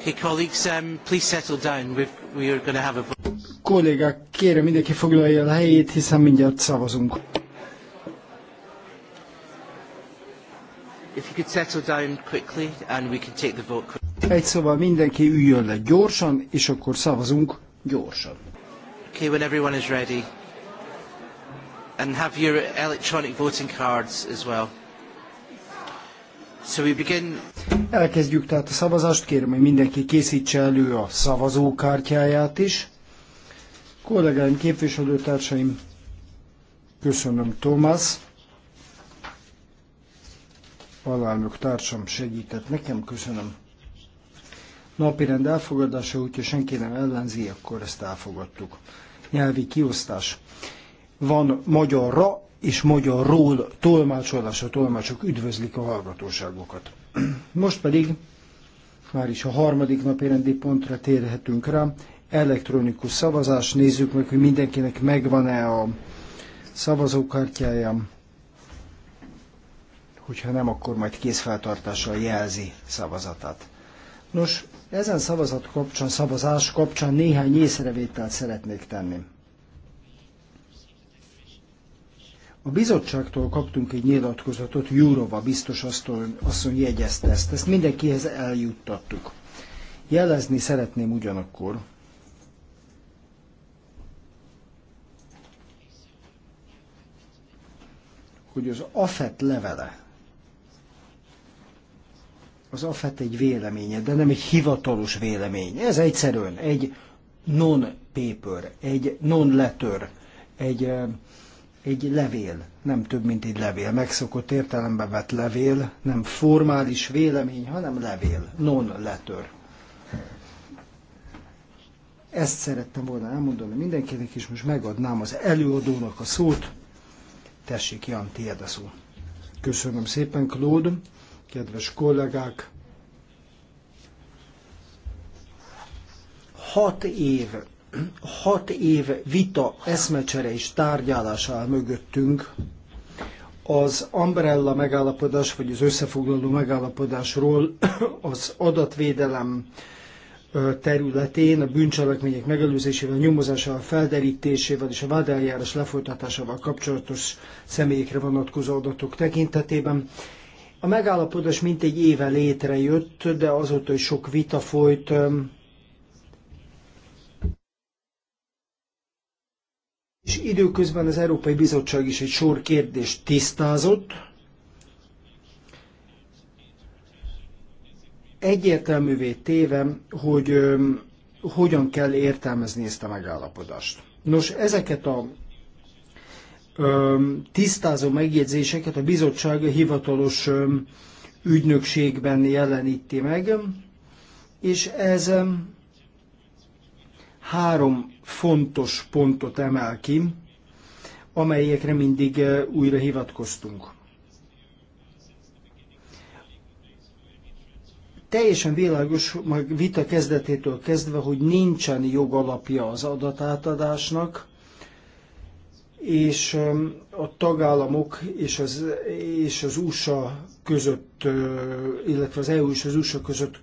Okay, colleagues, um, please settle down. We've, we are going to have a vote. Kollégák, kérem mindenki foglalja a helyét, hiszen mindjárt szavazunk. If you could settle down quickly and we can take the vote quickly. Egy szóval mindenki üljön le gyorsan, és akkor szavazunk gyorsan. Okay, when everyone is ready. And have your electronic voting cards as well. So we begin... Elkezdjük tehát a szavazást, kérem, hogy mindenki készítse elő a szavazókártyáját is. Kollégáim, képviselőtársaim, köszönöm Thomas. Alelnök társam segített nekem, köszönöm. Napirend elfogadása, úgyhogy senki nem ellenzi, akkor ezt elfogadtuk. Nyelvi kiosztás. Van magyarra, és magyarról tolmácsolásra tolmácsok üdvözlik a hallgatóságokat. Most pedig már is a harmadik napi rendi pontra térhetünk rá. Elektronikus szavazás, nézzük meg, hogy mindenkinek megvan-e a szavazókártyája. Hogyha nem, akkor majd készfeltartással jelzi szavazatát. Nos, ezen szavazat kapcsán, szavazás kapcsán néhány észrevételt szeretnék tenni. A bizottságtól kaptunk egy nyilatkozatot, Jurova biztos asszony, jegyezte ezt, ezt mindenkihez eljuttattuk. Jelezni szeretném ugyanakkor, hogy az AFET levele, az AFET egy véleménye, de nem egy hivatalos vélemény. Ez egyszerűen egy non-paper, egy non-letter, egy eh, egy levél, nem több, mint egy levél, megszokott értelembe vett levél, nem formális vélemény, hanem levél, non-letter. Ezt szerettem volna elmondani mindenkinek, és most megadnám az előadónak a szót. Tessék, Jan, tiéd a szó. Köszönöm szépen, Claude, kedves kollégák. Hat év hat év vita, eszmecsere és tárgyalás áll mögöttünk az umbrella megállapodás, vagy az összefoglaló megállapodásról az adatvédelem területén a bűncselekmények megelőzésével, nyomozásával, felderítésével és a vádeljárás lefolytatásával kapcsolatos személyekre vonatkozó adatok tekintetében. A megállapodás mintegy éve létrejött, de azóta is sok vita folyt, és időközben az Európai Bizottság is egy sor kérdést tisztázott. Egyértelművé tévem, hogy ö, hogyan kell értelmezni ezt a megállapodást. Nos, ezeket a ö, tisztázó megjegyzéseket a bizottság hivatalos ö, ügynökségben jeleníti meg, és ez három fontos pontot emel ki, amelyekre mindig eh, újra hivatkoztunk. teljesen világos, majd vita kezdetétől kezdve, hogy nincsen jogalapja az adatátadásnak, és a tagállamok és az, és az USA között, illetve az EU és az USA között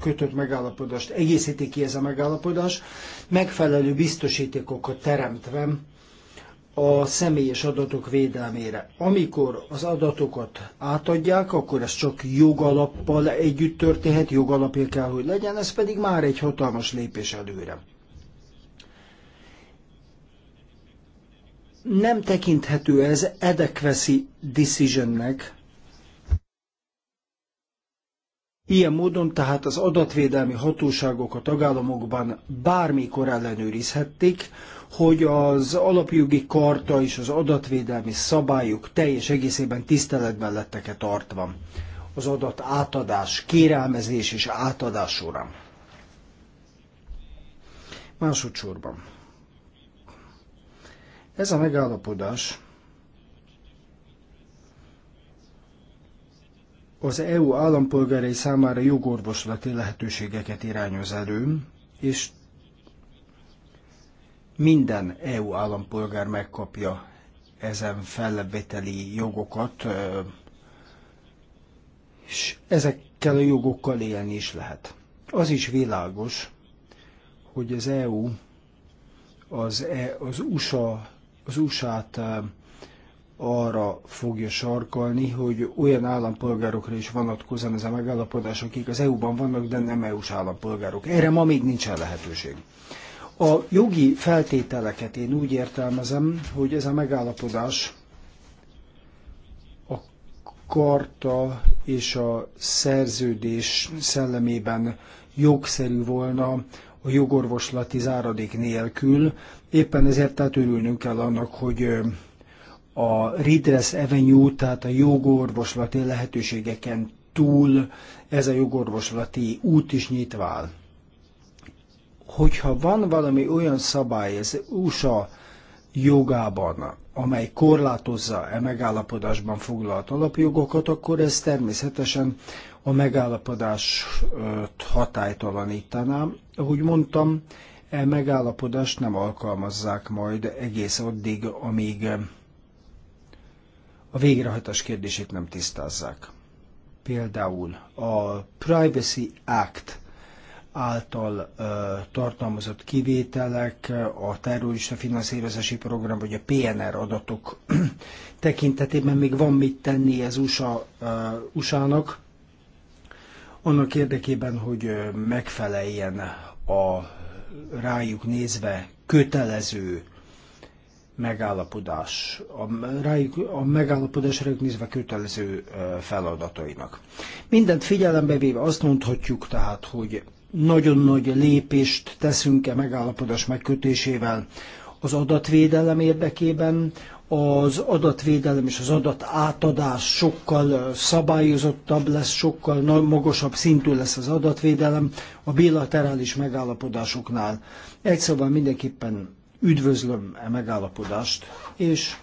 kötött megállapodást egészíti ki ez a megállapodás, megfelelő biztosítékokat teremtve a személyes adatok védelmére. Amikor az adatokat átadják, akkor ez csak jogalappal együtt történhet, jogalapja kell, hogy legyen, ez pedig már egy hatalmas lépés előre. nem tekinthető ez adequacy decisionnek. Ilyen módon tehát az adatvédelmi hatóságok a tagállamokban bármikor ellenőrizhették, hogy az alapjogi karta és az adatvédelmi szabályok teljes egészében tiszteletben lettek-e tartva az adat átadás, kérelmezés és átadás során. Másodszorban. Ez a megállapodás az EU állampolgárai számára jogorvoslati lehetőségeket irányoz elő, és minden EU állampolgár megkapja ezen fellebbeteli jogokat, és ezekkel a jogokkal élni is lehet. Az is világos, hogy az EU az, e, az USA az USA-t eh, arra fogja sarkalni, hogy olyan állampolgárokra is vonatkozzon ez a megállapodás, akik az EU-ban vannak, de nem EU-s állampolgárok. Erre ma még nincsen lehetőség. A jogi feltételeket én úgy értelmezem, hogy ez a megállapodás a karta és a szerződés szellemében jogszerű volna a jogorvoslati záradék nélkül, Éppen ezért tehát örülnünk kell annak, hogy a Redress Avenue, tehát a jogorvoslati lehetőségeken túl ez a jogorvoslati út is nyitva áll. Hogyha van valami olyan szabály az USA jogában, amely korlátozza e megállapodásban foglalt alapjogokat, akkor ez természetesen a megállapodás hatálytalanítaná. Ahogy mondtam, e megállapodást nem alkalmazzák majd egész addig, amíg e, a végrehajtás kérdését nem tisztázzák. Például a Privacy Act által uh, tartalmazott kivételek, a terrorista finanszírozási program vagy a PNR adatok tekintetében még van mit tenni ez USA, uh, e, USA-nak, annak érdekében, hogy megfeleljen a rájuk nézve kötelező megállapodás, a, rájuk, a megállapodás rájuk nézve kötelező feladatainak. Mindent figyelembe véve azt mondhatjuk tehát, hogy nagyon nagy lépést teszünk-e megállapodás megkötésével az adatvédelem érdekében, az adatvédelem és az adatátadás sokkal szabályozottabb lesz, sokkal magasabb szintű lesz az adatvédelem a bilaterális megállapodásoknál. Egy szóval mindenképpen üdvözlöm a e megállapodást, és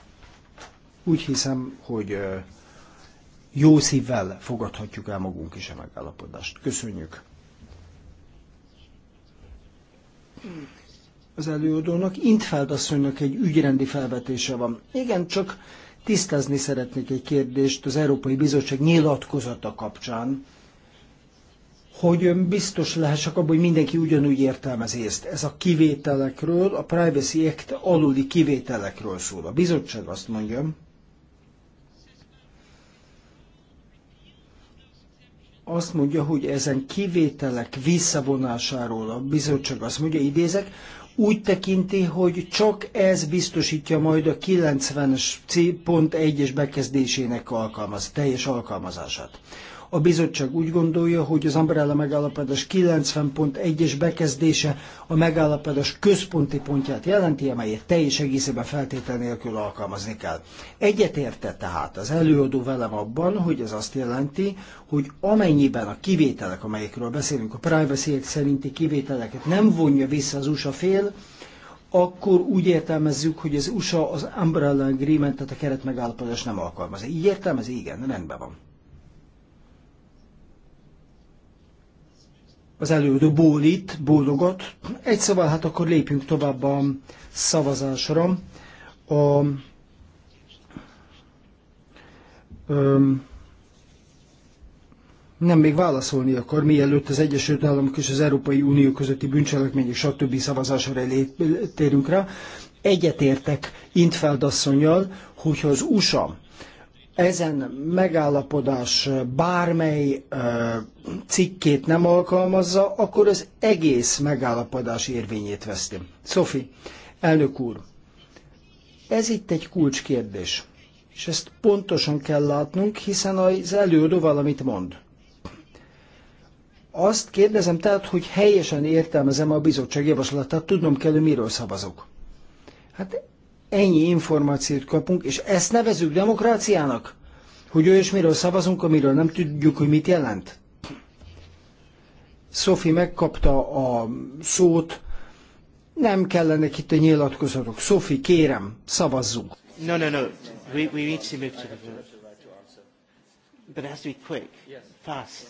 úgy hiszem, hogy jó szívvel fogadhatjuk el magunk is a e megállapodást. Köszönjük! az előadónak. Intfeld asszonynak egy ügyrendi felvetése van. Igen, csak tisztázni szeretnék egy kérdést az Európai Bizottság nyilatkozata kapcsán, hogy biztos lehessek abban, hogy mindenki ugyanúgy értelmezi ezt. Ez a kivételekről, a Privacy Act aluli kivételekről szól. A bizottság azt mondja, azt mondja, hogy ezen kivételek visszavonásáról a bizottság azt mondja, idézek, úgy tekinti, hogy csak ez biztosítja majd a 90-es C.1-es bekezdésének alkalmaz, teljes alkalmazását. A bizottság úgy gondolja, hogy az Umbrella megállapodás 90.1-es bekezdése a megállapodás központi pontját jelenti, amelyet teljes egészében feltétel nélkül alkalmazni kell. Egyetérte tehát az előadó velem abban, hogy ez azt jelenti, hogy amennyiben a kivételek, amelyekről beszélünk, a privacy szerinti kivételeket nem vonja vissza az USA fél, akkor úgy értelmezzük, hogy az USA az Umbrella Agreement, tehát a keretmegállapodást nem alkalmaz. Így értelmez? Igen, rendben van. az elődő bólít, bólogat. Egy szóval hát akkor lépjünk tovább a szavazásra. A, öm, nem még válaszolni akar, mielőtt az Egyesült Államok és az Európai Unió közötti bűncselekmény a többi szavazásra térünk rá. Egyetértek Intfeld asszonyjal, hogyha az USA ezen megállapodás bármely cikkét nem alkalmazza, akkor az egész megállapodás érvényét veszti. Szofi, elnök úr, ez itt egy kulcskérdés, és ezt pontosan kell látnunk, hiszen az előadó valamit mond. Azt kérdezem tehát, hogy helyesen értelmezem a bizottság javaslatát, tudnom kell, hogy miről szavazok. Hát ennyi információt kapunk, és ezt nevezük demokráciának? Hogy olyasmiről szavazunk, amiről nem tudjuk, hogy mit jelent? Sophie megkapta a szót, nem kellenek itt a nyilatkozatok. Sophie, kérem, szavazzunk. No, no, no. We, we need to move to the vote. But it has to be quick, fast.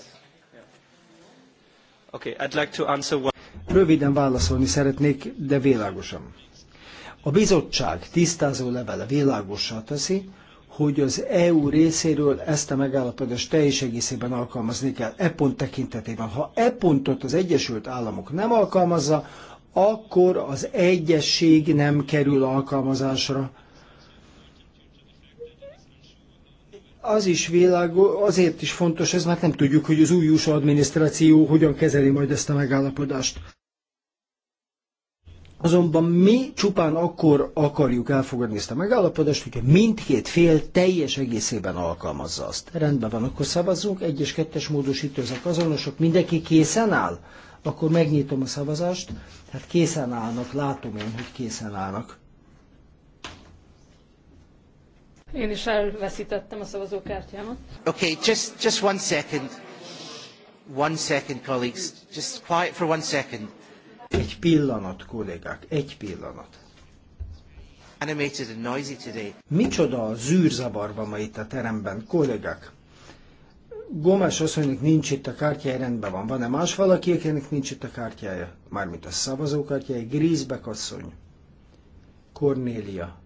Okay, I'd like to answer one... Röviden válaszolni szeretnék, de világosan. A bizottság tisztázó levele világossá teszi, hogy az EU részéről ezt a megállapodást teljes egészében alkalmazni kell e pont tekintetében. Ha e pontot az Egyesült Államok nem alkalmazza, akkor az egyesség nem kerül alkalmazásra. Az is világos, azért is fontos ez, mert nem tudjuk, hogy az új USA adminisztráció hogyan kezeli majd ezt a megállapodást. Azonban mi csupán akkor akarjuk elfogadni ezt a megállapodást, hogyha mindkét fél teljes egészében alkalmazza azt. Rendben van, akkor szavazzunk, egyes, kettes módosító ezek azonosok, mindenki készen áll? Akkor megnyitom a szavazást, hát készen állnak, látom én, hogy készen állnak. Én is elveszítettem a szavazókártyámat. Okay, just, just one second. One second, colleagues. Just quiet for one second. Egy pillanat, kollégák, egy pillanat. Animated and noisy today. Micsoda ma itt a teremben, kollégák. Gomes asszonynak nincs itt a kártyája, rendben van. Van-e más valaki, akinek nincs itt a kártyája? Mármint a szavazókártyája, Grízbek asszony, Kornélia.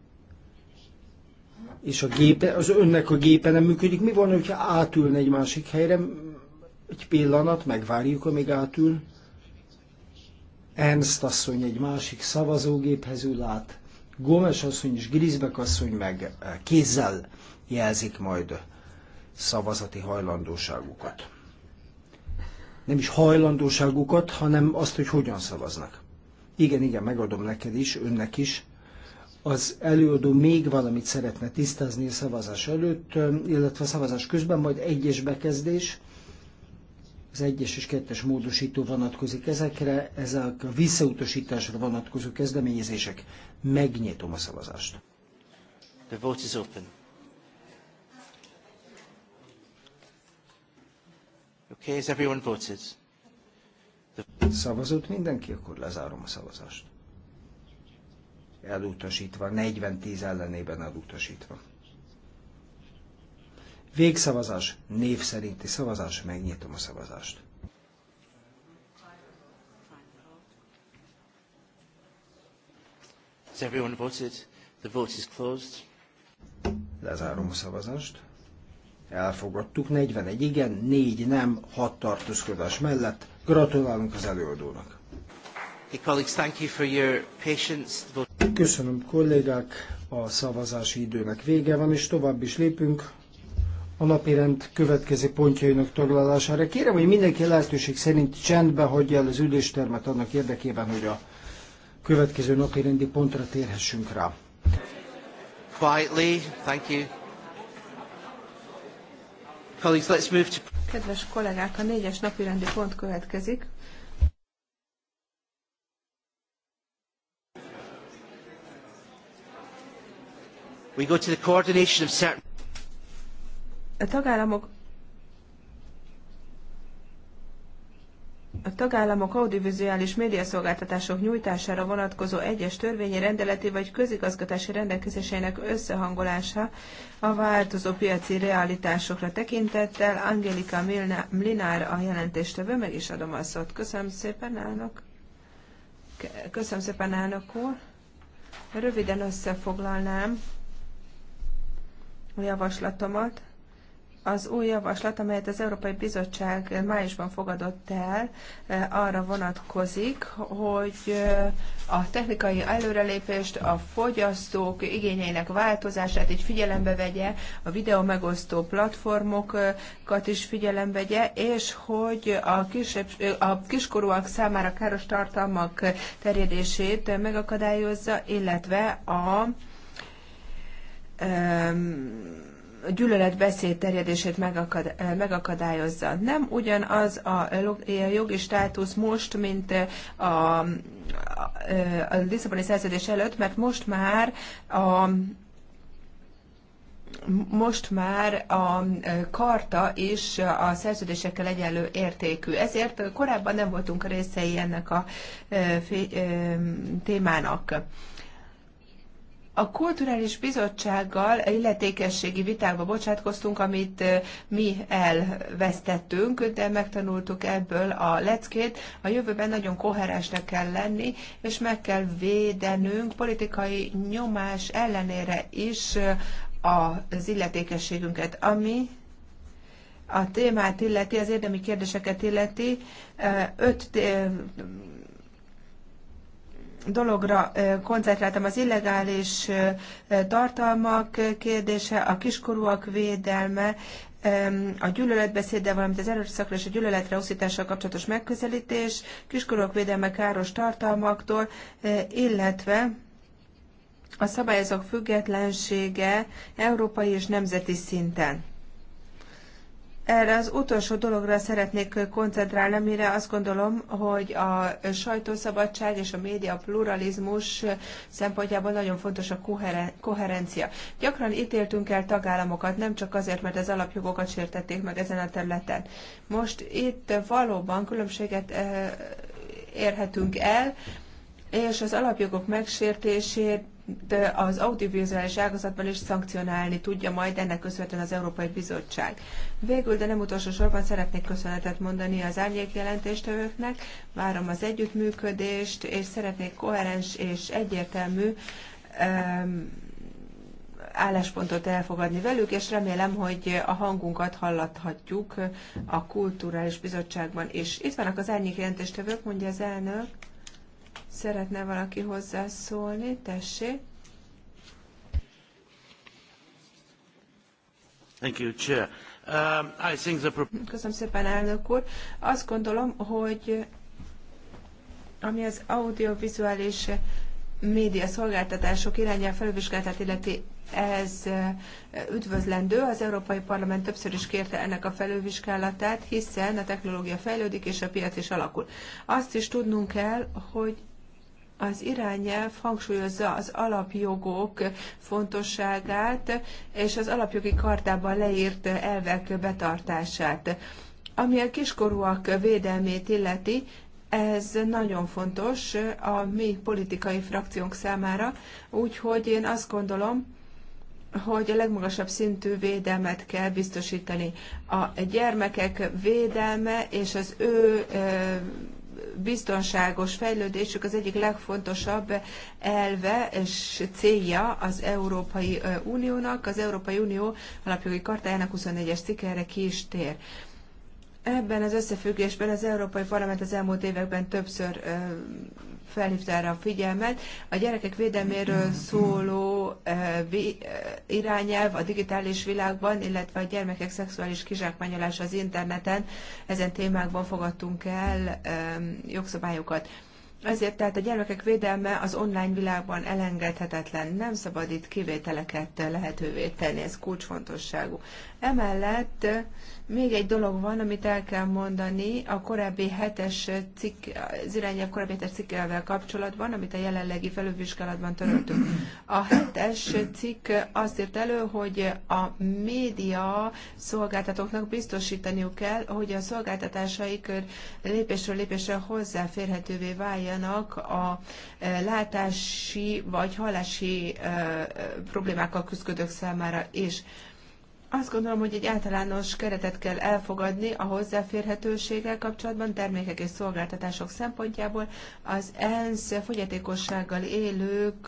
És a gépe, az önnek a gépe nem működik. Mi van, hogyha átülne egy másik helyre? Egy pillanat, megvárjuk, amíg átül. Ernst asszony egy másik szavazógéphez ül át, Gómez asszony és Grisbeck asszony meg eh, kézzel jelzik majd szavazati hajlandóságukat. Nem is hajlandóságukat, hanem azt, hogy hogyan szavaznak. Igen, igen, megadom neked is, önnek is. Az előadó még valamit szeretne tisztázni a szavazás előtt, eh, illetve a szavazás közben, majd egyes bekezdés az egyes és kettes módosító vonatkozik ezekre, ezek a visszautasításra vonatkozó kezdeményezések. Megnyitom a szavazást. The vote is open. Okay, is everyone voted? The... Szavazott mindenki, akkor lezárom a szavazást. Elutasítva, 40-10 ellenében elutasítva. Végszavazás, név szerinti szavazás, megnyitom a szavazást. Has everyone voted? The vote is closed. Lezárom a szavazást. Elfogadtuk 41 igen, 4 nem, 6 tartózkodás mellett. Gratulálunk az előadónak. Köszönöm kollégák, a szavazási időnek vége van, és tovább is lépünk a napirend következő pontjainak taglalására. Kérem, hogy mindenki lehetőség szerint csendbe hagyja el az üléstermet annak érdekében, hogy a következő napirendi pontra térhessünk rá. Quietly, thank you. Colleagues, let's move to... Kedves kollégák, a négyes napirendi pont következik. We go to the coordination of certain a tagállamok a tagállamok audiovizuális médiaszolgáltatások nyújtására vonatkozó egyes törvényi rendeleti vagy közigazgatási rendelkezéseinek összehangolása a változó piaci realitásokra tekintettel. Angelika Mlinár a jelentéstevő, meg is adom a szót. Köszönöm szépen, elnök. Köszönöm szépen, elnök úr. Röviden összefoglalnám a javaslatomat az új javaslat, amelyet az Európai Bizottság májusban fogadott el, eh, arra vonatkozik, hogy eh, a technikai előrelépést, a fogyasztók igényeinek változását így figyelembe vegye, a videó megosztó platformokat is figyelembe vegye, és hogy a, kisebb, eh, a kiskorúak számára káros tartalmak terjedését megakadályozza, illetve a um, gyűlöletbeszéd terjedését megakadályozza. Nem ugyanaz a jogi státusz most, mint a, a, a Lisszaboni szerződés előtt, mert most már a most már a karta is a szerződésekkel egyenlő értékű. Ezért korábban nem voltunk részei ennek a témának a kulturális bizottsággal illetékességi vitába bocsátkoztunk, amit mi elvesztettünk, de megtanultuk ebből a leckét. A jövőben nagyon koherensnek kell lenni, és meg kell védenünk politikai nyomás ellenére is az illetékességünket, ami a témát illeti, az érdemi kérdéseket illeti, öt dologra koncentráltam, az illegális tartalmak kérdése, a kiskorúak védelme, a gyűlöletbeszéddel, valamint az erőszakra és a gyűlöletre osztítással kapcsolatos megközelítés, kiskorúak védelme káros tartalmaktól, illetve a szabályozók függetlensége európai és nemzeti szinten. Erre az utolsó dologra szeretnék koncentrálni, amire azt gondolom, hogy a sajtószabadság és a média pluralizmus szempontjából nagyon fontos a koherencia. Gyakran ítéltünk el tagállamokat, nem csak azért, mert az alapjogokat sértették meg ezen a területen. Most itt valóban különbséget eh, érhetünk el, és az alapjogok megsértését az audiovizuális ágazatban is szankcionálni tudja majd ennek köszönhetően az Európai Bizottság. Végül, de nem utolsó sorban szeretnék köszönetet mondani az árnyék jelentéstevőknek, várom az együttműködést, és szeretnék koherens és egyértelmű um, álláspontot elfogadni velük, és remélem, hogy a hangunkat hallathatjuk a Kulturális Bizottságban is. Itt vannak az árnyék jelentéstevők, mondja az elnök. Szeretne valaki hozzászólni? Tessék. Thank you, Chair. Um, I think the... Köszönöm szépen, elnök úr. Azt gondolom, hogy ami az audiovizuális média szolgáltatások irányel felvizsgáltat illeti, ez eh, üdvözlendő. Az Európai Parlament többször is kérte ennek a felülvizsgálatát, hiszen a technológia fejlődik és a piac is alakul. Azt is tudnunk kell, hogy az irányelv hangsúlyozza az alapjogok fontosságát és az alapjogi kartában leírt elvek betartását. Ami a kiskorúak védelmét illeti, ez nagyon fontos a mi politikai frakciónk számára, úgyhogy én azt gondolom, hogy a legmagasabb szintű védelmet kell biztosítani. A gyermekek védelme és az ő biztonságos fejlődésük az egyik legfontosabb elve és célja az Európai Uniónak. Az Európai Unió alapjogi kartájának 24-es cikkelre ki is tér. Ebben az összefüggésben az Európai Parlament az elmúlt években többször felhívta erre a figyelmet. A gyerekek védelméről szóló irányelv a digitális világban, illetve a gyermekek szexuális kizsákmányolása az interneten, ezen témákban fogadtunk el jogszabályokat. Ezért tehát a gyermekek védelme az online világban elengedhetetlen, nem szabad itt kivételeket lehetővé tenni, ez kulcsfontosságú. Emellett még egy dolog van, amit el kell mondani a korábbi hetes cikk, az irányelv korábbi hetes cikkelvel kapcsolatban, amit a jelenlegi felülvizsgálatban töröltünk. A hetes cikk azt írt elő, hogy a média szolgáltatóknak biztosítaniuk kell, hogy a szolgáltatásaik lépésről lépésre hozzáférhetővé váljanak a látási vagy hallási problémákkal küzdők számára is. És azt gondolom, hogy egy általános keretet kell elfogadni a hozzáférhetőséggel kapcsolatban, termékek és szolgáltatások szempontjából. Az ENSZ fogyatékossággal élők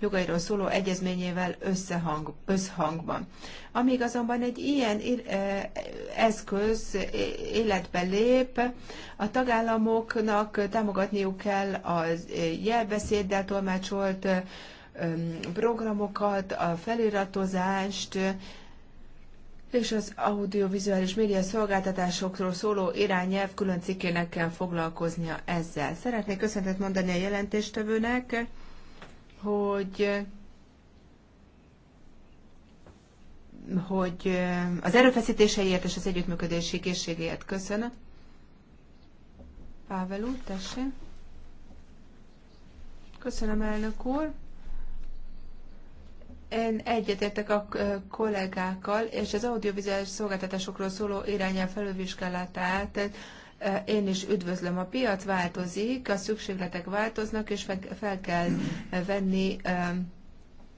jogairól szóló egyezményével összehang, összhangban. Amíg azonban egy ilyen eh, eszköz életbe lép, a tagállamoknak támogatniuk kell a jelbeszéddel tolmácsolt eh, mm, programokat, a feliratozást, és az audiovizuális média szolgáltatásokról szóló irányelv külön cikkének kell foglalkoznia ezzel. Szeretnék köszöntet mondani a jelentéstevőnek, hogy hogy eh, az erőfeszítéseiért és az együttműködési készségéért köszönöm. Pável úr, tessék. Köszönöm, elnök úr. Én egyetértek a kollégákkal, és az audiovizuális szolgáltatásokról szóló irányel felülvizsgálatát én is üdvözlöm. A piac változik, a szükségletek változnak, és fel kell venni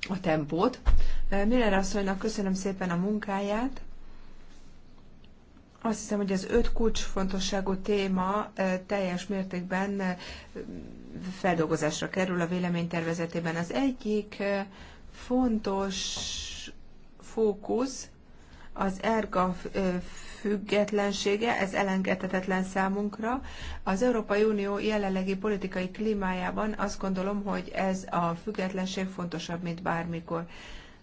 a tempót. Miller asszonynak köszönöm szépen a munkáját. Azt hiszem, hogy az öt kulcsfontosságú téma teljes mértékben feldolgozásra kerül a véleménytervezetében. Az egyik fontos fókusz az ERGA függetlensége, ez elengedhetetlen számunkra. Az Európai Unió jelenlegi politikai klímájában azt gondolom, hogy ez a függetlenség fontosabb, mint bármikor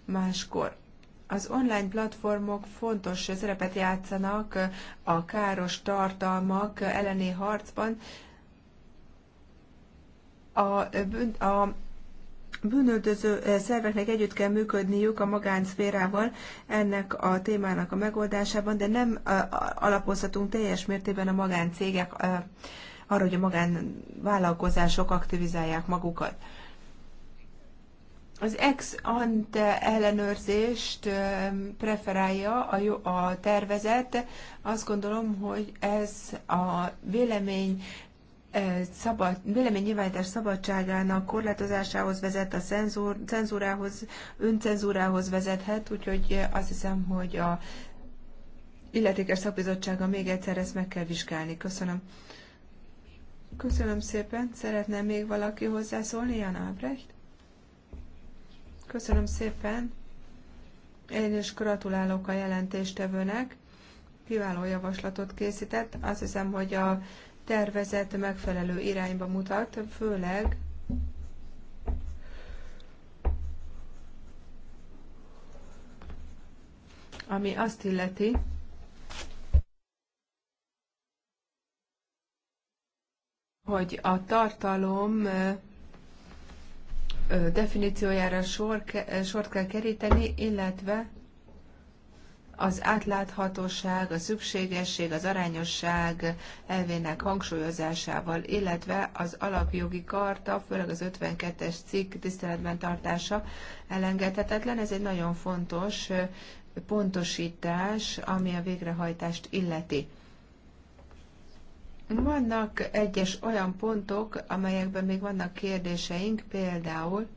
máskor. Az online platformok fontos szerepet játszanak a káros tartalmak elleni harcban. A, a bűnöldöző eh, szerveknek együtt kell működniük a magánszférával ennek a témának a megoldásában, de nem eh, alapozhatunk teljes mértében a magáncégek eh, arra, hogy a magánvállalkozások aktivizálják magukat. Az ex ante ellenőrzést preferálja a, a tervezet. Azt gondolom, hogy ez a vélemény szabad, véleménynyilvánítás szabadságának korlátozásához vezet, a cenzúr, cenzúrához, öncenzúrához vezethet, úgyhogy azt hiszem, hogy a illetékes szakbizottsága még egyszer ezt meg kell vizsgálni. Köszönöm. Köszönöm szépen. Szeretne még valaki hozzászólni, Jan Ábrecht? Köszönöm szépen. Én is gratulálok a jelentéstevőnek. Kiváló javaslatot készített. Azt hiszem, hogy a tervezett megfelelő irányba mutat, főleg ami azt illeti, hogy a tartalom definíciójára sor, sort kell keríteni, illetve az átláthatóság, a szükségesség, az arányosság elvének hangsúlyozásával, illetve az alapjogi karta, főleg az 52-es cikk tiszteletben tartása elengedhetetlen. Ez egy nagyon fontos pontosítás, ami a végrehajtást illeti. Vannak egyes olyan pontok, amelyekben még vannak kérdéseink, például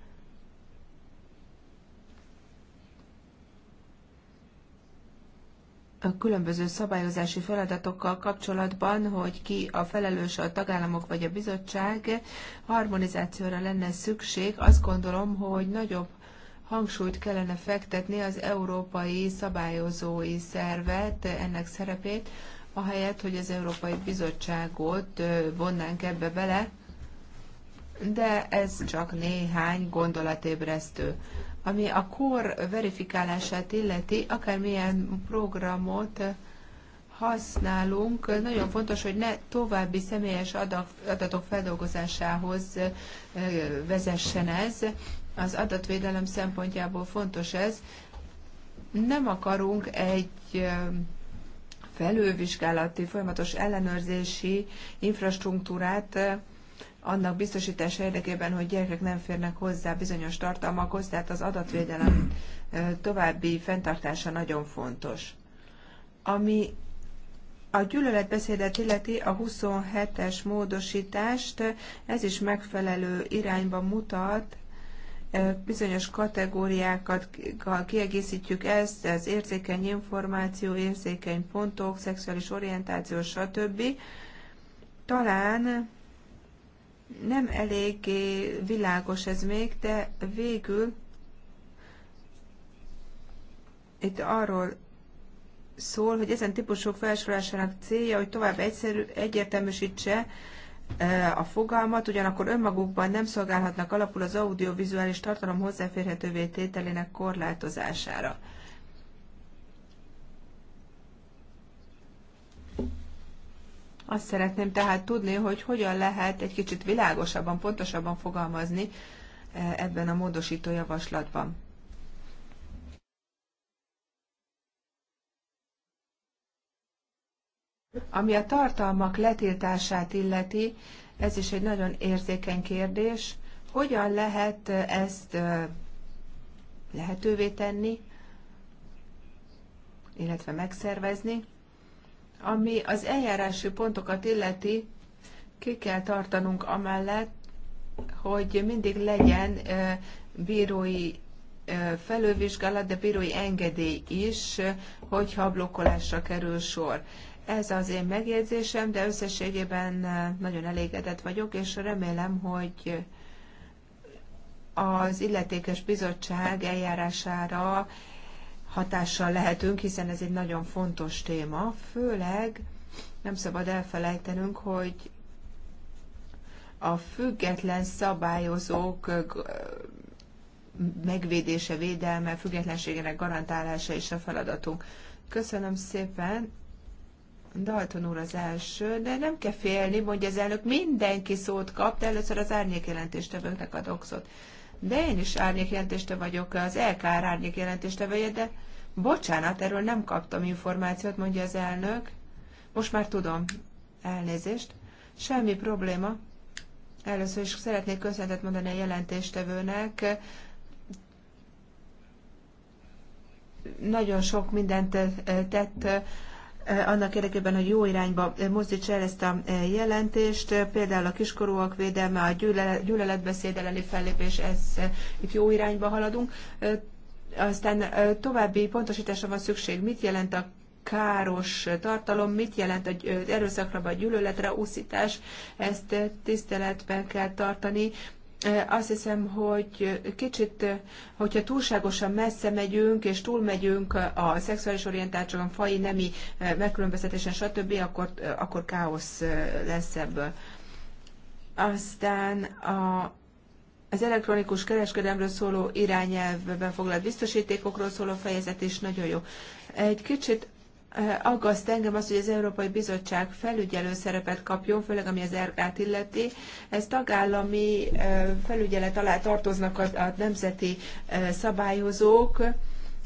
különböző szabályozási feladatokkal kapcsolatban, hogy ki a felelős a tagállamok vagy a bizottság, harmonizációra lenne szükség. Azt gondolom, hogy nagyobb hangsúlyt kellene fektetni az európai szabályozói szervet, ennek szerepét, ahelyett, hogy az Európai Bizottságot vonnánk ebbe bele, de ez csak néhány gondolatébresztő ami a kor verifikálását illeti, akármilyen programot eh, használunk, eh, nagyon fontos, hogy ne további személyes adatok feldolgozásához eh, vezessen ez. Az adatvédelem szempontjából fontos ez. Nem akarunk egy felővizsgálati, folyamatos ellenőrzési infrastruktúrát, annak biztosítása érdekében, hogy gyerekek nem férnek hozzá bizonyos tartalmakhoz, tehát az adatvédelem további fenntartása nagyon fontos. Ami a gyűlöletbeszédet illeti a 27-es módosítást, ez is megfelelő irányba mutat, bizonyos kategóriákat kiegészítjük ezt, ez érzékeny információ, érzékeny pontok, szexuális orientáció, stb. Talán nem eléggé világos ez még, de végül itt arról szól, hogy ezen típusok felsorolásának célja, hogy tovább egyszerű, egyértelműsítse e, a fogalmat, ugyanakkor önmagukban nem szolgálhatnak alapul az audiovizuális tartalom hozzáférhetővé tételének korlátozására. Azt szeretném tehát tudni, hogy hogyan lehet egy kicsit világosabban, pontosabban fogalmazni e, ebben a módosító javaslatban. Ami a tartalmak letiltását illeti, ez is egy nagyon érzékeny kérdés. Hogyan lehet e, ezt e, lehetővé tenni, illetve megszervezni? Ami az eljárási pontokat illeti, ki kell tartanunk amellett, hogy mindig legyen bírói felővizsgálat, de bírói engedély is, hogyha blokkolásra kerül sor. Ez az én megjegyzésem, de összességében nagyon elégedett vagyok, és remélem, hogy az illetékes bizottság eljárására hatással lehetünk, hiszen ez egy nagyon fontos téma, főleg nem szabad elfelejtenünk, hogy a független szabályozók megvédése, védelme, függetlenségének garantálása is a feladatunk. Köszönöm szépen. Dalton úr az első, de nem kell félni, mondja az elnök, mindenki szót kap, de először az árnyék jelentéstevőknek adok szót. De én is árnyékjelentéste vagyok, az LKR vagyok, de bocsánat, erről nem kaptam információt, mondja az elnök. Most már tudom. Elnézést. Semmi probléma. Először is szeretnék köszönetet mondani a jelentéstevőnek. Nagyon sok mindent eh, tett E, annak érdekében, hogy jó irányba mozdítsa el ezt a e, jelentést, e, például a kiskorúak védelme, a gyűlöletbeszéd elleni fellépés, ez itt jó irányba haladunk. Aztán további pontosításra van szükség, mit jelent a káros tartalom, mit jelent a erőszakra vagy gyűlöletre úszítás, ezt tiszteletben kell tartani, azt hiszem, hogy kicsit, hogyha túlságosan messze megyünk, és túlmegyünk a szexuális orientációban, fai, nemi megkülönböztetésen, stb., akkor, akkor káosz lesz ebből. Aztán a, az elektronikus kereskedelemről szóló irányelvben foglalt biztosítékokról szóló fejezet is nagyon jó. Egy kicsit aggaszt engem az, hogy az Európai Bizottság felügyelő szerepet kapjon, főleg ami az ergát illeti. Ez tagállami felügyelet alá tartoznak a, a nemzeti szabályozók.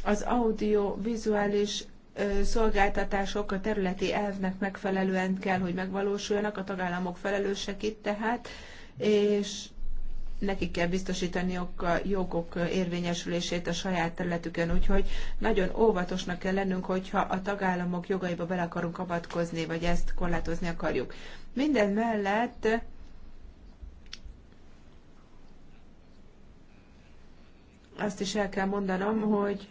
Az audiovizuális szolgáltatások a területi elvnek megfelelően kell, hogy megvalósuljanak, a tagállamok felelősek itt tehát, és nekik kell biztosítaniuk a jogok érvényesülését a saját területükön, úgyhogy nagyon óvatosnak kell lennünk, hogyha a tagállamok jogaiba bele akarunk avatkozni, vagy ezt korlátozni akarjuk. Minden mellett azt is el kell mondanom, hogy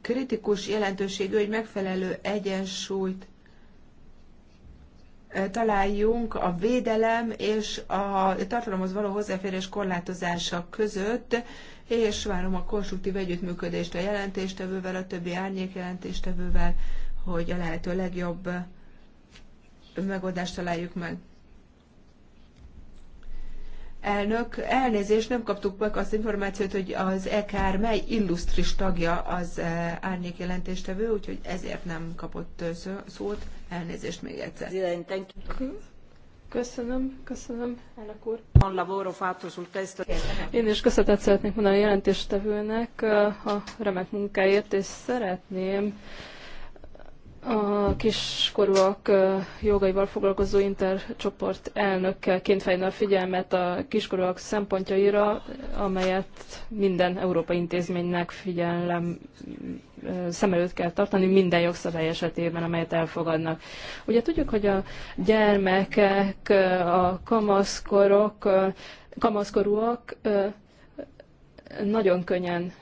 kritikus jelentőségű, hogy megfelelő egyensúlyt találjunk a védelem és a tartalomhoz való hozzáférés korlátozása között, és várom a konstruktív együttműködést a jelentéstevővel, a többi árnyék jelentéstevővel, hogy a lehető legjobb megoldást találjuk meg. Elnök, elnézést, nem kaptuk meg azt információt, hogy az EKR mely illusztris tagja az e, árnyék jelentéstevő, úgyhogy ezért nem kapott e, szót. Elnézést még egyszer. Köszönöm, köszönöm, elnök úr. Én is köszönetet szeretnék mondani a jelentéstevőnek e, a remek munkáért, és szeretném a kiskorúak jogaival foglalkozó intercsoport elnökként fejne a figyelmet a kiskorúak szempontjaira, amelyet minden európai intézménynek figyelem szem előtt kell tartani minden jogszabály esetében, amelyet elfogadnak. Ugye tudjuk, hogy a gyermekek, a kamaszkorok, kamaszkorúak nagyon könnyen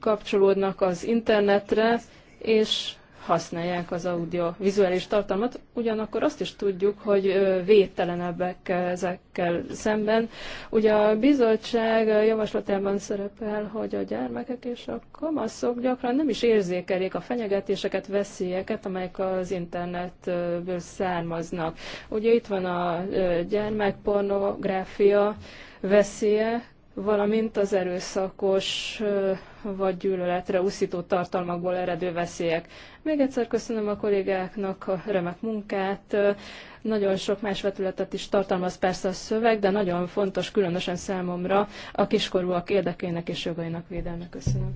kapcsolódnak az internetre, és használják az audio-vizuális tartalmat, ugyanakkor azt is tudjuk, hogy védtelenebbek ezekkel szemben. Ugye a bizottság javaslatában szerepel, hogy a gyermekek és a kamaszok gyakran nem is érzékelik a fenyegetéseket, veszélyeket, amelyek az internetből származnak. Ugye itt van a gyermekpornográfia veszélye, valamint az erőszakos vagy gyűlöletre uszító tartalmakból eredő veszélyek. Még egyszer köszönöm a kollégáknak a remek munkát. Nagyon sok más vetületet is tartalmaz persze a szöveg, de nagyon fontos különösen számomra a kiskorúak érdekének és jogainak védelme. Köszönöm.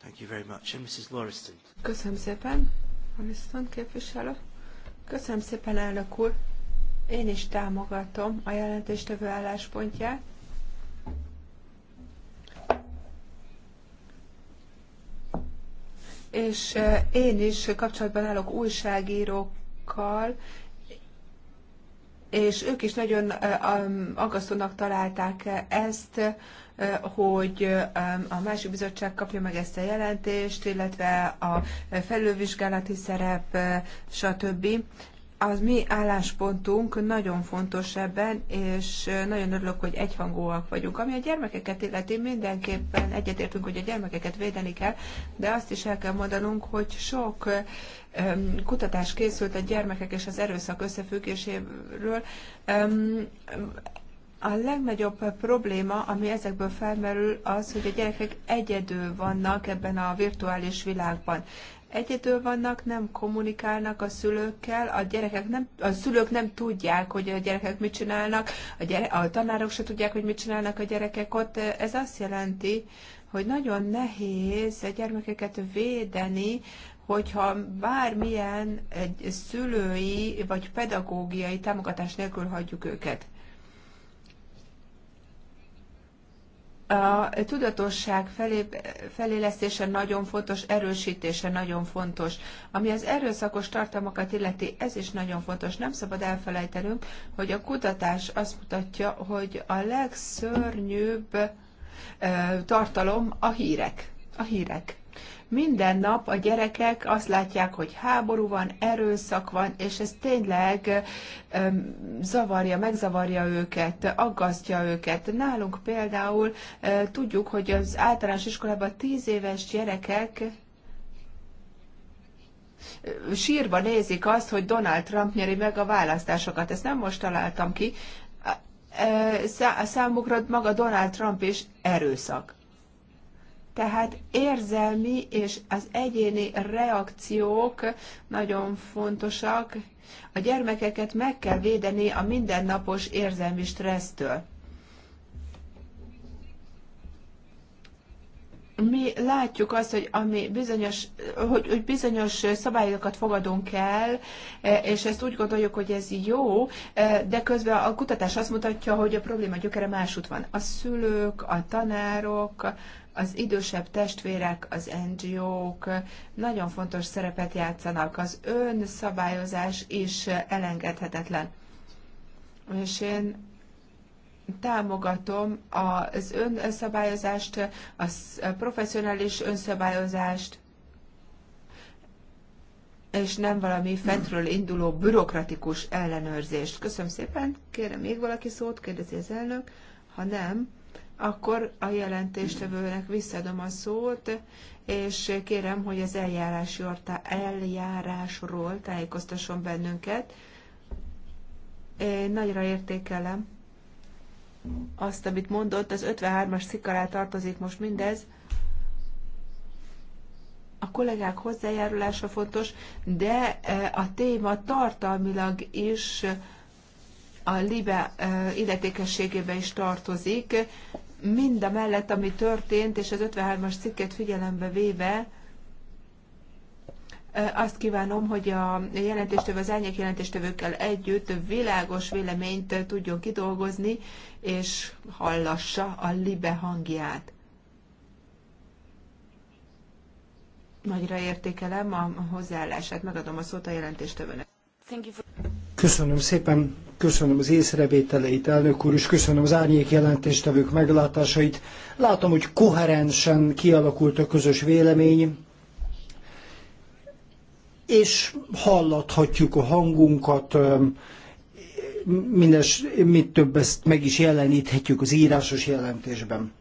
Thank you very much. And Mrs. Lauriston. Köszönöm szépen, Lauriston képviselő. Köszönöm szépen, elnök úr. Én is támogatom a jelentéstevő álláspontját. És eh, én is kapcsolatban állok újságírókkal, és ők is nagyon eh, aggasztónak találták ezt, eh, hogy a másik bizottság kapja meg ezt a jelentést, illetve a felülvizsgálati szerep, stb az mi álláspontunk nagyon fontos ebben, és nagyon örülök, hogy egyhangúak vagyunk. Ami a gyermekeket illeti, mindenképpen egyetértünk, hogy a gyermekeket védeni kell, de azt is el kell mondanunk, hogy sok kutatás készült a gyermekek és az erőszak összefüggéséről. A legnagyobb probléma, ami ezekből felmerül, az, hogy a gyerekek egyedül vannak ebben a virtuális világban egyedül vannak, nem kommunikálnak a szülőkkel, a, gyerekek nem, a szülők nem tudják, hogy a gyerekek mit csinálnak, a, gyere, a tanárok se tudják, hogy mit csinálnak a gyerekek ott. Ez azt jelenti, hogy nagyon nehéz a gyermekeket védeni, hogyha bármilyen egy szülői vagy pedagógiai támogatás nélkül hagyjuk őket. a tudatosság felé, felélesztése nagyon fontos, erősítése nagyon fontos. Ami az erőszakos tartalmakat illeti, ez is nagyon fontos. Nem szabad elfelejtenünk, hogy a kutatás azt mutatja, hogy a legszörnyűbb tartalom a hírek. A hírek. Minden nap a gyerekek azt látják, hogy háború van, erőszak van, és ez tényleg zavarja, megzavarja őket, aggasztja őket. Nálunk például tudjuk, hogy az általános iskolában tíz éves gyerekek sírva nézik azt, hogy Donald Trump nyeri meg a választásokat. Ezt nem most találtam ki. Számukra maga Donald Trump is erőszak. Tehát érzelmi és az egyéni reakciók nagyon fontosak. A gyermekeket meg kell védeni a mindennapos érzelmi stressztől. mi látjuk azt, hogy, ami bizonyos, hogy, hogy bizonyos szabályokat fogadunk el, e, és ezt úgy gondoljuk, hogy ez jó, e, de közben a kutatás azt mutatja, hogy a probléma gyökere másút van. A szülők, a tanárok, az idősebb testvérek, az NGO-k nagyon fontos szerepet játszanak. Az önszabályozás is elengedhetetlen. És én támogatom az önszabályozást, a professzionális önszabályozást, és nem valami fentről induló bürokratikus ellenőrzést. Köszönöm szépen, kérem még valaki szót, kérdezi az elnök, ha nem, akkor a jelentéstevőnek visszadom a szót, és kérem, hogy az eljárásról tájékoztasson bennünket. Én nagyra értékelem azt, amit mondott, az 53-as szikará tartozik most mindez. A kollégák hozzájárulása fontos, de e, a téma tartalmilag is a libe e, illetékességébe is tartozik. Mind a mellett, ami történt, és az 53-as cikket figyelembe véve, azt kívánom, hogy a jelentéstevő, az árnyék jelentéstevőkkel együtt világos véleményt tudjon kidolgozni, és hallassa a libe hangját. Nagyra értékelem a hozzáállását, megadom a szót a jelentéstevőnek. Köszönöm szépen, köszönöm az észrevételeit, elnök úr, és köszönöm az árnyék jelentéstevők meglátásait. Látom, hogy koherensen kialakult a közös vélemény, és hallathatjuk a hangunkat, mindes, mit több ezt meg is jeleníthetjük az írásos jelentésben.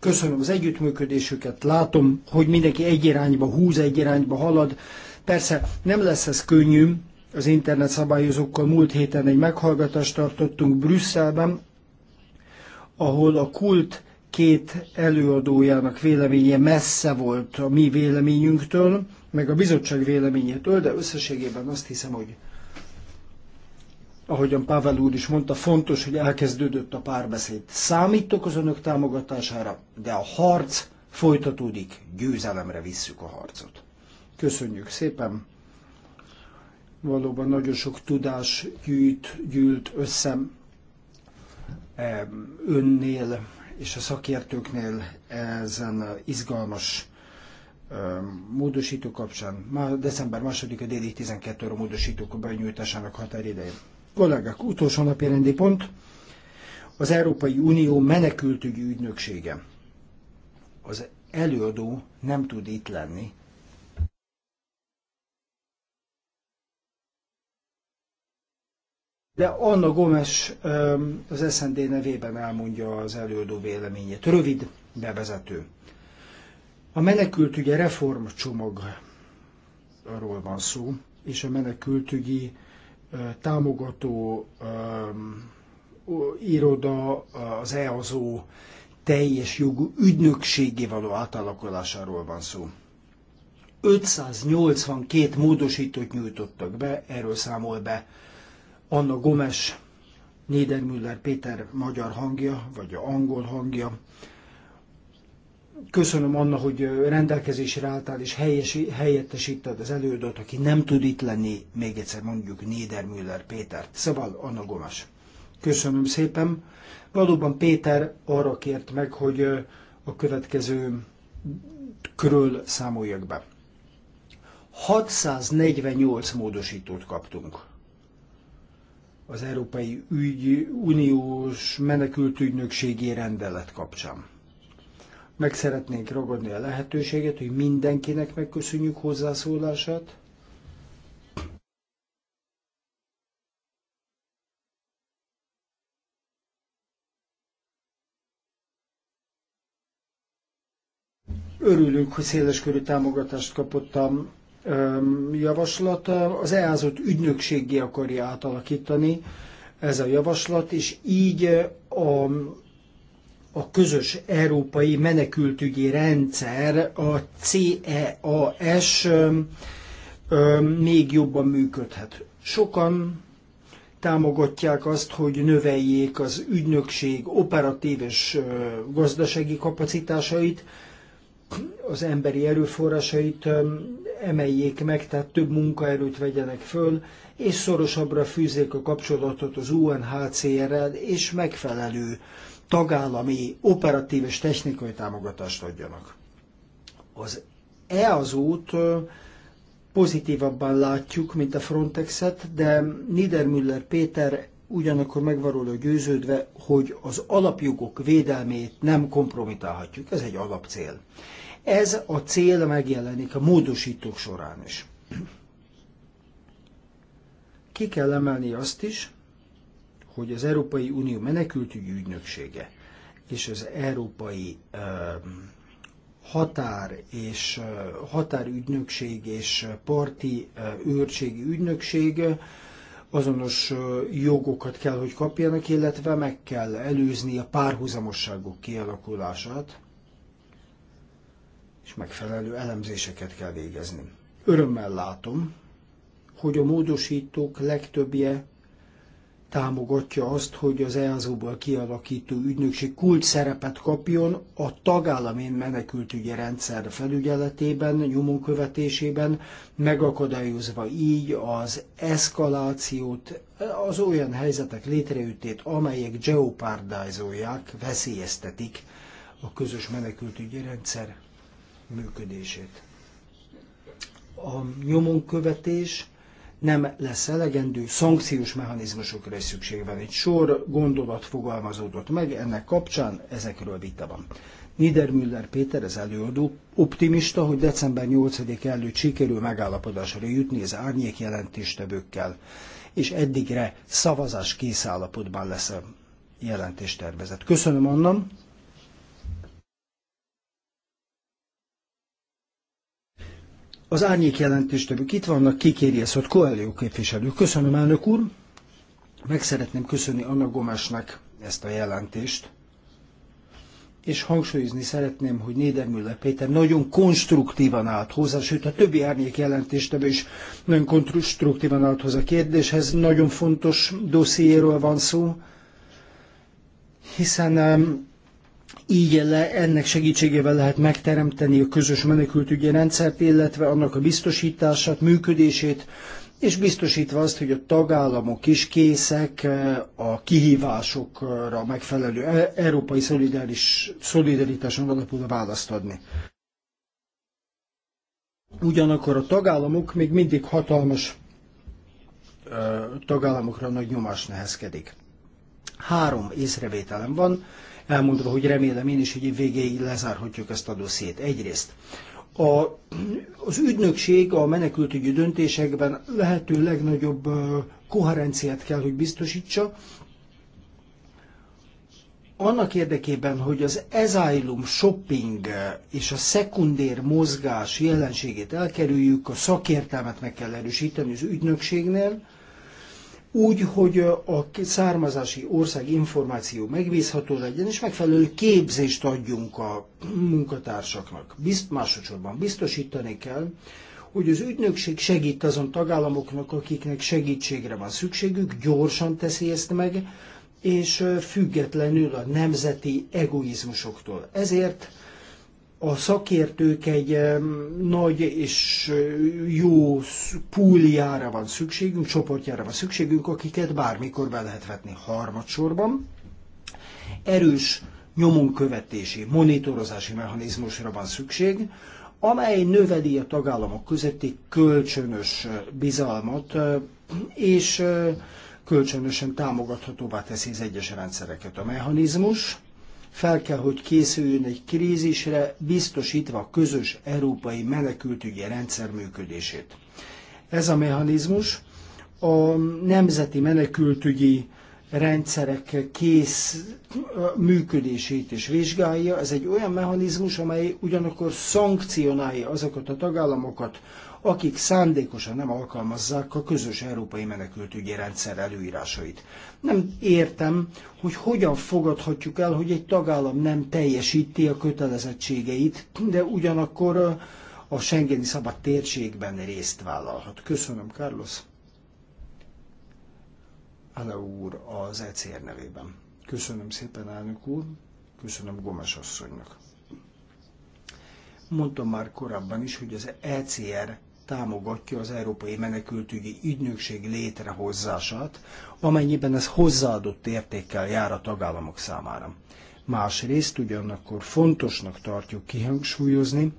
Köszönöm az együttműködésüket, látom, hogy mindenki egy irányba húz, egy irányba halad. Persze nem lesz ez könnyű, az internet szabályozókkal múlt héten egy meghallgatást tartottunk Brüsszelben, ahol a kult két előadójának véleménye messze volt a mi véleményünktől, meg a bizottság véleményétől, de összességében azt hiszem, hogy ahogyan Pavel úr is mondta, fontos, hogy elkezdődött a párbeszéd. Számítok az önök támogatására, de a harc folytatódik, győzelemre visszük a harcot. Köszönjük szépen! Valóban nagyon sok tudás gyűjt, gyűlt össze önnél és a szakértőknél ezen izgalmas módosító kapcsán, már december 2-a déli 12 óra módosítók benyújtásának határidején. Kollégák, utolsó napi rendi pont az Európai Unió menekültügyi ügynöksége. Az előadó nem tud itt lenni, De Anna Gomes az SND nevében elmondja az előadó véleményét. Rövid bevezető. A menekültügyi reformcsomag arról van szó, és a menekültügyi támogató iroda, az EAZO teljes jogú ügynökségé való átalakulásáról van szó. 582 módosítót nyújtottak be, erről számol be Anna Gomes, Niedermüller Péter magyar hangja, vagy a angol hangja, Köszönöm Anna, hogy rendelkezésre álltál és helyes, helyettesíted az elődöt, aki nem tud itt lenni, még egyszer mondjuk Niedermüller Pétert. Szóval Anna Gomas. Köszönöm szépen. Valóban Péter arra kért meg, hogy a következő körül számoljak be. 648 módosítót kaptunk az Európai Ügy, Uniós Menekültügynökségi Rendelet kapcsán. Meg szeretnénk ragadni a lehetőséget, hogy mindenkinek megköszönjük hozzászólását. Örülünk, hogy széleskörű támogatást kapott a javaslat. Az EASZ-ot ügynökségé akarja átalakítani ez a javaslat, és így a a közös európai menekültügyi rendszer, a CEAS még jobban működhet. Sokan támogatják azt, hogy növeljék az ügynökség operatív és gazdasági kapacitásait, az emberi erőforrásait emeljék meg, tehát több munkaerőt vegyenek föl, és szorosabbra fűzzék a kapcsolatot az UNHCR-rel, és megfelelő tagállami operatív és technikai támogatást adjanak. Az e az út pozitívabban látjuk, mint a Frontexet, de Niedermüller Péter ugyanakkor meg győződve, hogy az alapjogok védelmét nem kompromitálhatjuk. Ez egy alapcél. Ez a cél megjelenik a módosítók során is. Ki kell emelni azt is, hogy az Európai Unió menekültügyi ügynöksége és az Európai határ és határügynökség és parti őrségi ügynökség azonos jogokat kell, hogy kapjanak, illetve meg kell előzni a párhuzamosságok kialakulását, és megfelelő elemzéseket kell végezni. Örömmel látom, hogy a módosítók legtöbbje támogatja azt, hogy az EASO-ból kialakító ügynökség kult szerepet kapjon a tagállami menekültügyi rendszer felügyeletében, nyomon követésében, megakadályozva így az eszkalációt, az olyan helyzetek létrejöttét, amelyek geopardájzolják, veszélyeztetik a közös menekültügyi rendszer működését. A nyomon követés nem lesz elegendő, szankciós mechanizmusokra is szükség van. Egy sor gondolat fogalmazódott meg, ennek kapcsán ezekről vita van. Niedermüller Péter, az előadó, optimista, hogy december 8 előtt sikerül megállapodásra jutni az árnyék jelentéstevőkkel, és eddigre szavazás kész állapotban lesz a jelentéstervezet. Köszönöm, Annam! Az árnyék jelentéstevők itt vannak, kikéri ezt, hogy Koelio képviselő. Köszönöm, elnök úr. Meg szeretném köszönni Anna Gomásnak ezt a jelentést. És hangsúlyozni szeretném, hogy Nédermüller Péter nagyon konstruktívan állt hozzá, sőt a többi árnyék jelentést is nagyon konstruktívan állt hozzá a kérdéshez. Nagyon fontos dossziéről van szó, hiszen így ennek segítségével lehet megteremteni a közös menekültügyi rendszert, illetve annak a biztosítását, működését, és biztosítva azt, hogy a tagállamok is készek eh, a kihívásokra megfelelő eh, európai szolidáris, szolidaritáson alapuló választ adni. Ugyanakkor a tagállamok még mindig hatalmas eh, tagállamokra nagy nyomás nehezkedik. Három észrevételem van, elmondva, hogy remélem én is, hogy év végéig lezárhatjuk ezt a dossziét. Egyrészt a, az ügynökség a menekültügyi döntésekben lehető legnagyobb koherenciát kell, hogy biztosítsa, annak érdekében, hogy az ezájlum shopping és a szekundér mozgás jelenségét elkerüljük, a szakértelmet meg kell erősíteni az ügynökségnél, úgy, hogy a származási ország információ megbízható legyen, és megfelelő képzést adjunk a munkatársaknak. Bizt, másodszorban biztosítani kell, hogy az ügynökség segít azon tagállamoknak, akiknek segítségre van szükségük, gyorsan teszi ezt meg, és függetlenül a nemzeti egoizmusoktól. Ezért a szakértők egy nagy és jó púliára van szükségünk, csoportjára van szükségünk, akiket bármikor be lehet vetni harmadsorban. Erős nyomonkövetési, monitorozási mechanizmusra van szükség, amely növeli a tagállamok közötti kölcsönös bizalmat, és kölcsönösen támogathatóvá teszi az egyes rendszereket a mechanizmus fel kell, hogy készüljön egy krízisre, biztosítva a közös európai menekültügyi rendszer működését. Ez a mechanizmus a nemzeti menekültügyi rendszerek kész működését is vizsgálja. Ez egy olyan mechanizmus, amely ugyanakkor szankcionálja azokat a tagállamokat, akik szándékosan nem alkalmazzák a közös európai menekültügyi rendszer előírásait. Nem értem, hogy hogyan fogadhatjuk el, hogy egy tagállam nem teljesíti a kötelezettségeit, de ugyanakkor a Schengeni szabad térségben részt vállalhat. Köszönöm, Carlos. Ale úr az ECR nevében. Köszönöm szépen, elnök úr. Köszönöm Gomes asszonynak. Mondtam már korábban is, hogy az ECR támogatja az Európai Menekültügyi Ügynökség létrehozását, amennyiben ez hozzáadott értékkel jár a tagállamok számára. Másrészt ugyanakkor fontosnak tartjuk kihangsúlyozni,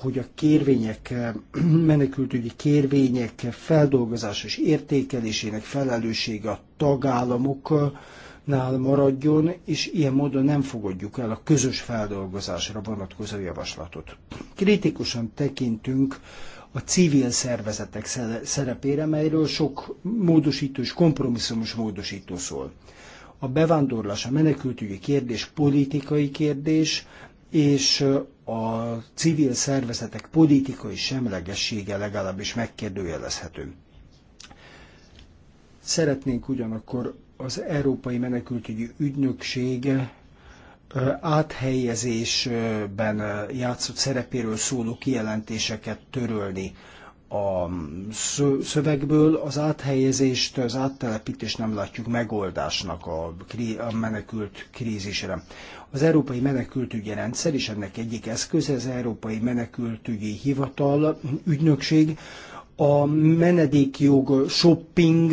hogy a kérvények, menekültügyi kérvények feldolgozás és értékelésének felelőssége a tagállamoknál maradjon, és ilyen módon nem fogadjuk el a közös feldolgozásra vonatkozó javaslatot. Kritikusan tekintünk a civil szervezetek szerepére, melyről sok módosító és kompromisszumos módosító szól. A bevándorlás, a menekültügyi kérdés politikai kérdés, és a civil szervezetek politikai semlegessége legalábbis megkérdőjelezhető. Szeretnénk ugyanakkor az Európai Menekültügyi Ügynökség áthelyezésben játszott szerepéről szóló kijelentéseket törölni a mm, szövegből. Az áthelyezést, az áttelepítést nem látjuk megoldásnak a, menekült krízisre. Az Európai Menekültügyi Rendszer és ennek egyik eszköze, az Európai Menekültügyi Hivatal mm, ügynökség, a menedékjog shopping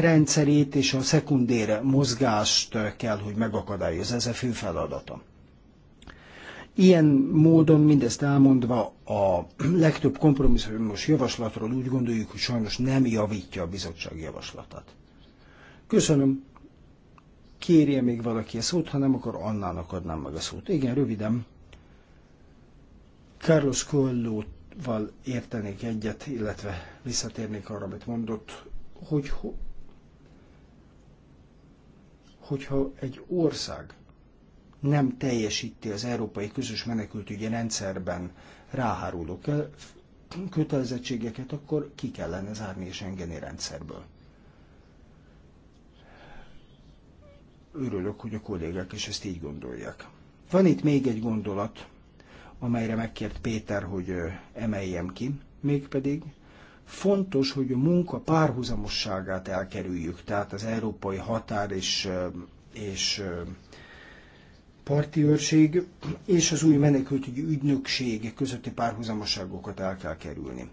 rendszerét és a szekundér mozgást kell, hogy megakadályozza. Ez a fő feladata. Ilyen módon mindezt elmondva a legtöbb kompromisszumos javaslatról úgy gondoljuk, hogy sajnos nem javítja a bizottság javaslatát. Köszönöm. Kérje még valaki a szót, ha nem, akkor Annának adnám meg a szót. Igen, röviden. Carlos Coelho val értenék egyet, illetve visszatérnék arra, amit mondott, hogy ho, hogyha egy ország nem teljesíti az európai közös menekültügyi rendszerben ráháruló kötelezettségeket, akkor ki kellene zárni és engeni rendszerből. Örülök, hogy a kollégák is ezt így gondolják. Van itt még egy gondolat, amelyre megkért Péter, hogy emeljem ki, mégpedig fontos, hogy a munka párhuzamosságát elkerüljük, tehát az európai határ és, és parti őrség és az új menekültügyi ügynökség közötti párhuzamosságokat el kell kerülni.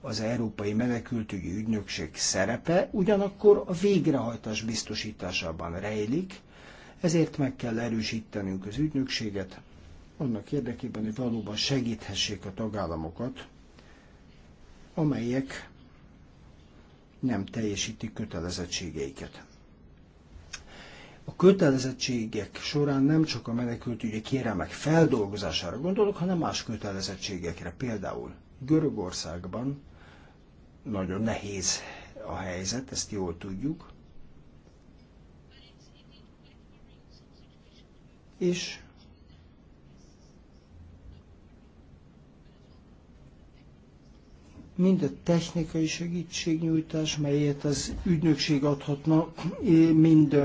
Az Európai Menekültügyi Ügynökség szerepe ugyanakkor a végrehajtás biztosításában rejlik, ezért meg kell erősítenünk az ügynökséget, annak érdekében, hogy valóban segíthessék a tagállamokat, amelyek nem teljesítik kötelezettségeiket. A kötelezettségek során nem csak a menekültügyi kérelmek feldolgozására gondolok, hanem más kötelezettségekre. Például Görögországban nagyon nehéz a helyzet, ezt jól tudjuk. És mind a technikai segítségnyújtás, melyet az ügynökség adhatna, mind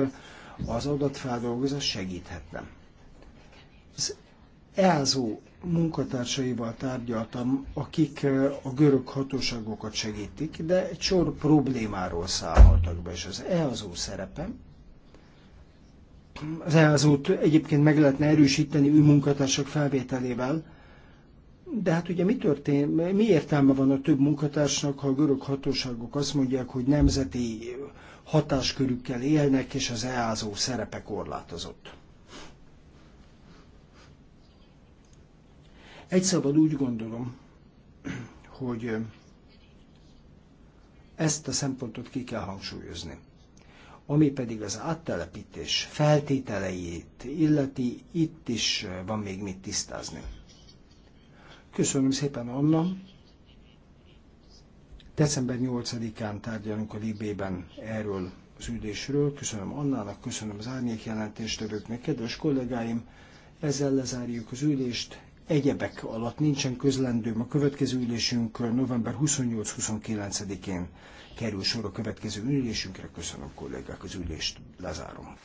az adatfeldolgozás segíthetne. Az EASO munkatársaival tárgyaltam, akik eh, a görög hatóságokat segítik, de egy sor problémáról számoltak be, és az EASO szerepe, az EASO-t egyébként meg lehetne erősíteni ő munkatársak felvételével, de hát ugye mi történt, mi értelme van a több munkatársnak, ha a görög hatóságok azt mondják, hogy nemzeti hatáskörükkel élnek, és az EÁZÓ szerepe korlátozott? Egy szabad úgy gondolom, hogy ezt a szempontot ki kell hangsúlyozni. Ami pedig az áttelepítés feltételeit illeti, itt is van még mit tisztázni. Köszönöm szépen, Anna. December 8-án tárgyalunk a Libében erről az ülésről. Köszönöm Annának, köszönöm az árnyék jelentéstevőknek, kedves kollégáim. Ezzel lezárjuk az ülést. Egyebek alatt nincsen közlendőm. A következő ülésünk november 28-29-én kerül sor a következő ülésünkre. Köszönöm kollégák, az ülést lezárom.